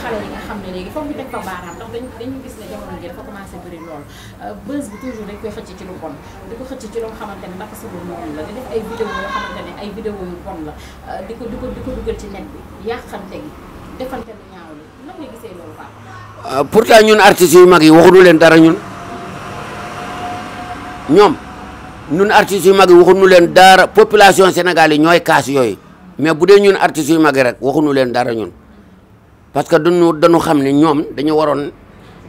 xale yi nga xam ne léegi foog ñu teg fa baaraam ndax dañu dañu gis ne jamono ji dafa commencé bëri lool euh, buzz bi toujours dañ koy xëcc ci lu bon di ko xëcc ci loo xamante ne naka suba noonu la di def ay vidéo yoo xamante ne ay vidéo yu bon la euh, di ko di ko di ko dugal ci net bi yàqante gi defante lu ñaaw li nan nga gisee loolu baax euh, pourtant ñun artistes yu mag yi waxuñu leen dara ñun ñoom ñun artistes yu mag yi waxuñu leen dara population Sénégal yi ñooy kaas yooyu mais bu dee ñun artistes yu mag yi rek waxuñu leen dara ñun parce que dañu dañu xam ne ñoom dañu waroon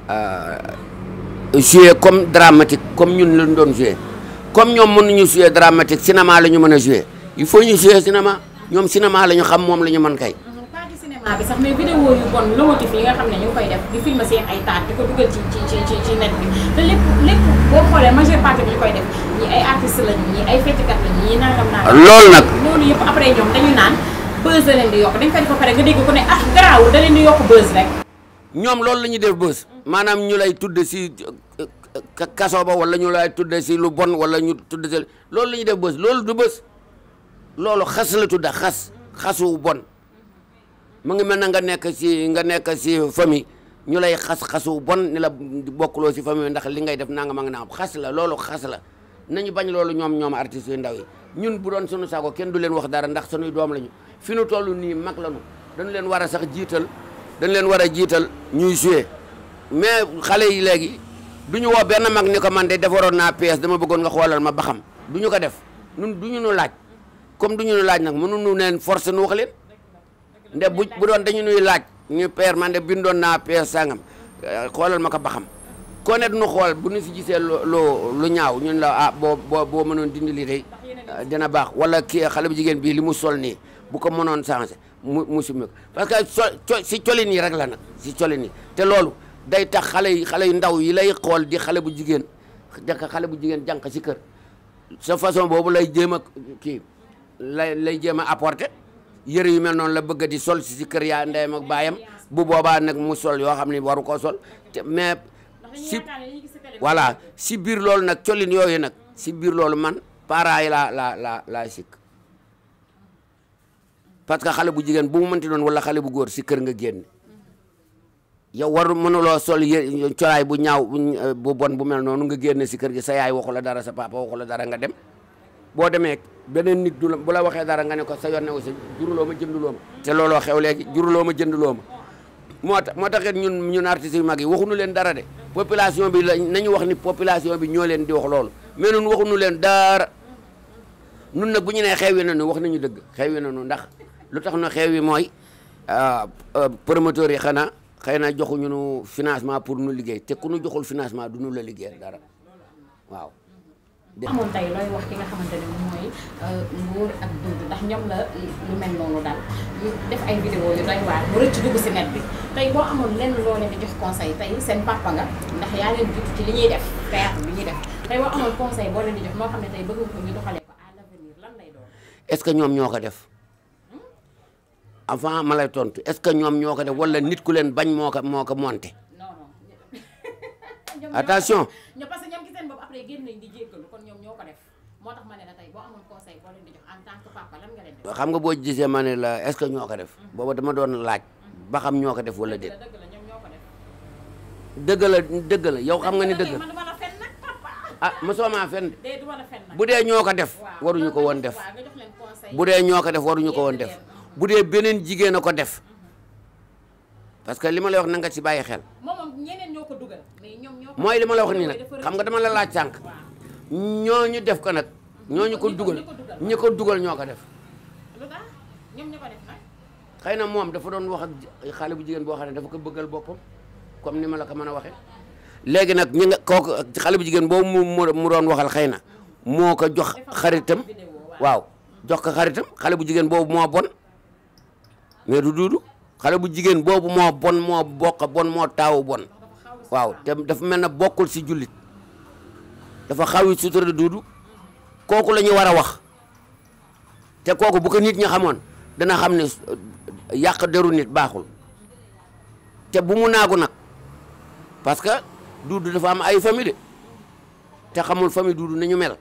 euh, jouer comme dramatique comme ñun lañ doon jouer comme ñoom nañu jouer dramatique cinéma la ñu mën a jouer il faut ñu jouer cinéma ñoom cinéma la ñu xam moom la ñu mën kay. Mhm, nga xam ne ñu koy def di filmer seen ay taat di ko dugal ci ci ci ci bi te lépp lépp boo xoolee majeure partie bi ñu koy def ñi ay artistes lañu ñi ay feccikat lañu ñi nangam naa. loolu nag loolu ñoom dañu naan. buzz la leen di yokk dañ ko def ba pare nga dégg ko ne ah garaawul da leen di yokk buzz rek. ñoom loolu la ñuy def buzz. maanaam ñu lay tudd si kaso ba walla ñu lay tudd si lu bon wala ñu tudd si loolu la def buzz loolu du buzz loolu xas la tudd xas xasu bon mu ngi mel na nga nekk si nga nekk si famille ñu lay xas xasu bon ni la bokkuloo si famille ndax li ngay def nanga ma nga naam xas la loolu xas la. nañu bañ loolu ñoom ñoom artistes yu ndaw yi ñun bu doon sunu sago kenn du leen wax dara ndax sunuy doom lañu fi nu toll nii mag lañu dañu leen war a sax jiital dañu leen war a jiital ñuy joué mais xale yi léegi du ñu woo benn mag ni ko man de defaroon naa pièce dama bëggoon nga xoolal ma baxam xam du ñu ko def ñun du ñu nu laaj comme du ñu nu laaj nag mënuñu leen force nu wax leen nde bu bu doon dañu nuy laaj ñu père man de bindoon naa pièce sangam xoolal ma ko ba ko net nu xool bu nu si gisee loo lu ñaaw ñun la ah boo boo boo mënoon dindi lii dina baax wala ki xale bu jigéen bii li mu sol nii bu ko mënoon changé mu mu summi parce que so si colin yi rek la nag si colin ni te loolu day tax xale yi xale yu ndaw yi lay xool di xale bu jigéen jànk xale bu jigéen jànk si kër sa façon boobu lay jéem a kii lay lay jéem a apporté yëre yu mel noonu la bëgg di sol si si kër yaa ndeyam ak baayam bu boobaa nag mu sol yoo xam ne waru ko sol mais si voilà si biir loolu nag colin yooyu nag si biir loolu man parents yi laa laa laa laa sikk parce que xale bu jigéen bu mu mënti doon wala xale bu góor si kër nga génn yow waru mënuloo sol yë bu ñaaw bu bon bu mel noonu nga génn si kër gi sa yaay waxu la dara sa papa waxu la dara nga dem boo demee beneen nit du la bu la waxee dara nga ne ko sa yonne aussi juruloo ma jënduloo ma te looloo xew léegi juruloo ma jënduloo ma moo tax moo tax it ñun ñun artistes yu mag yi waxunu leen dara de population bi la nañu wax ni population bi ñoo leen di wax loolu mais ñun waxuñu leen dara ñun nag bu ñu nee xew yi nañu wax nañu dëgg xew na nu ndax lu tax na xew yi mooy euh, euh, promoteurs yi xanaa xëy na joxuñu nu financement pour nu liggéey te ku nu joxul financement du nu la liggéey dara waaw. amoon tey looy wax ki nga xamante ne mooy nguur euh, ak dund ndax ñoom la lu mel noonu daal def ay vidéo yu doy mu rëcc dugg si net bi tey boo amoon lenn loo leen jox conseil tey seen papa nga ndax yaa leen jiitu ci li ñuy def théâtre boo amoon conseil boo leen jox moo xam ne tey bëgg ko ñu doxalee ko à l'avenir lan lay doon. est-ce que ñoom ñoo ko def hmm? avant ma lay tontu est-ce que ñoom ñoo ko def wala nit ku leen bañ moo ko moo attention ñoom parce nga xam nga boo gisee ma ne la est-ce que ñoo ko def mm-hmm. booba dama doon laaj ba xam ñoo ko def wala déet dëgg la dëgg la yow xam nga ni dëgg ah mosoo maa fenn bu dee ñoo ko def waruñu ko woon def bu dee ñoo ko def waruñu ko woon def bu dee beneen jigéen a ko def mm-hmm. parce que li ma lay wax na nga ci bàyyi xel. mooy dama la wax nii nag xam nga dama la laaj sànq ñooñu def ko nag ñooñu ko dugal ñi ko dugal ñoo ko def xëy na moom dafa doon wax ak xale bu jigéen boo xam ne dafa ko bëggal boppam comme ni ma la ko mën a waxee léegi nag ñi nga kooku xale bu jigéen boobu mu mu doon waxal xëy na moo ko jox xaritam waaw jox ko xaritam xale bu jigéen boobu moo bon mais du duudu xale bu jigéen boobu moo bon moo bokk bon moo taawu bon waaw te dafa mel ne bokkul si jullit dafa xaw it sutura duudu kooku la ñu war a wax te kooku bu nit ñi xamoon dana xam ne uh, yàq deru nit baaxul te bu mu naagu nag parce que duudu dafa am ay famille de te xamul famille duudu nañu mel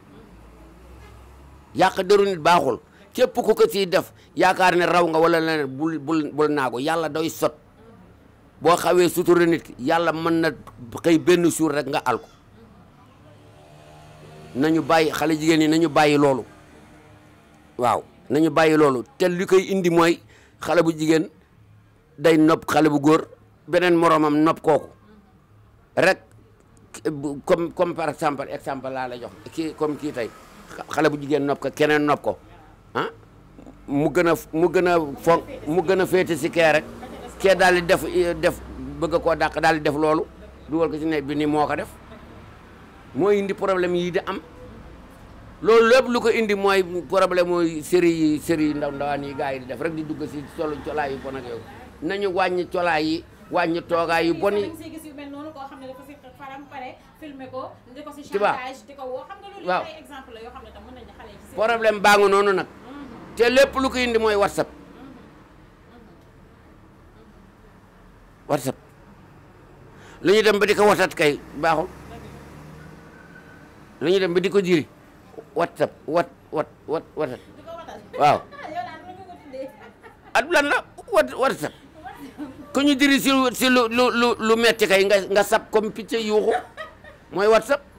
yàq deru nit baaxul képp ku ko ciy def yaakaar ne raw nga wala leneen bul bul bul naagu yàlla doy sot boo xawee sutura nit ki yàlla mën na xëy benn suur rek nga alko nañu bàyyi xale jigéen ñi nañu bàyyi loolu waaw nañu bàyyi loolu te li koy indi mooy xale bu jigéen day nopp xale bu góor beneen moroomam nopp kooku rek comme comme par exemple exemple laa la jox ki comme kii tey xale bu jigéen nopp ko keneen nopp ko ah mu gën a mu gën a mu gën a féete si kee rek kee daal di def eh, def bëgg koo daq daal di def loolu dugal ko ci ne bi ni moo ko def moo indi problème yii di am loolu lépp lu ko indi mooy problème mooy série yi série yi ndawaan yi gars yi di def rek di dugg si solo colaay yu bon ak yow nañu wàññi colaay yi wàññi toogaay yu bon yi ci ba noonu nag mm-hmm. te lépp lu ko indi mooy whatsapp whatsapp lu ñu dem ba di ko watat lu ñu dem ba di ko jiri whatsapp wat wat wat lan la wat whatsapp ku ñu jiri si si lu lu lu metti kay nga nga sab comme picc yuuxu mooy whatsapp